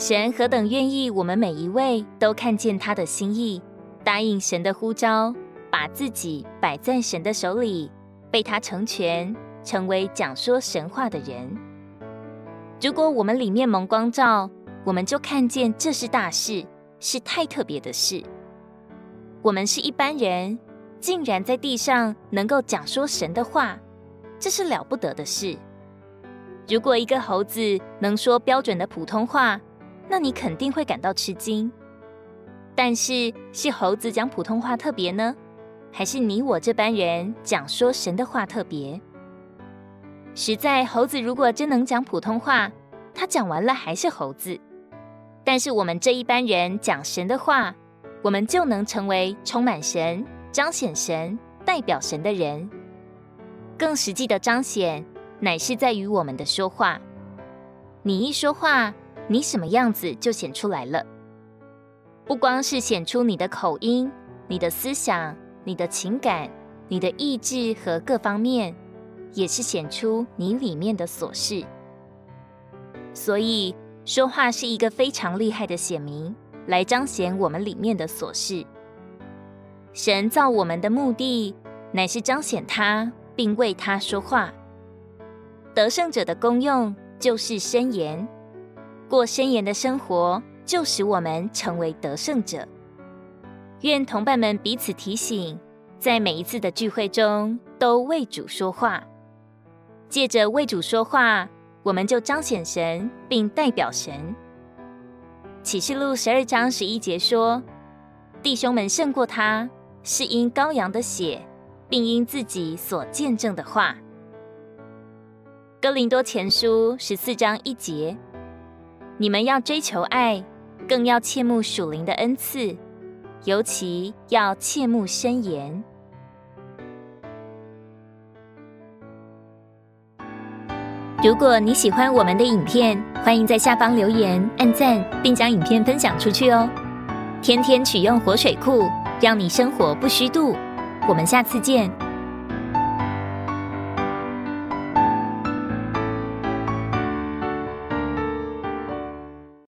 神何等願意我們每一位都看見他的心意，答應神的呼召，把自己擺在神的手裡，被他成全，成為講說神話的人。如果我們裡面蒙光照，我們就看見這是大事，是太特別的事。我們是一般人，竟然在地上能夠講說神的話，這是了不得的事。如果一個猴子能說標準的普通話，那你肯定會感到吃驚，但是是猴子講普通話特別呢，還是你我這般人講說神的話特別？實在，猴子如果真能講普通話，他講完了還是猴子；但是我們這一般人講神的話，我們就能成為充滿神、彰顯神、代表神的人。更實際的彰顯，乃是在於我們的說話。你一說話，你什麼樣子就顯出來了，不光是顯出你的口音、你的思想、你的情感、你的意志和各方面，也是顯出你裡面的所是。所以說話是一個非常厲害的顯明，來彰顯我們裡面的所是。神造我們的目的，乃是彰顯他，並為他說話。得勝者的功用就是申言。過申言的生活，就使我們成為得勝者。願同伴們彼此提醒，在每一次的聚會中都為主說話。借着為主說話，我們就彰顯神，並代表神。啟示錄十二章十一節說：“弟兄們勝過他，是因羔羊的血，並因自己所見證的話。”哥林多前書十四章一節，你們要追求愛，更要切慕屬靈的恩賜，尤其要切慕申言。如果你喜歡我們的影片，歡迎在下方留言、按贊，並將影片分享出去哦。天天取用活水庫，讓你生活不虛度。我們下次見。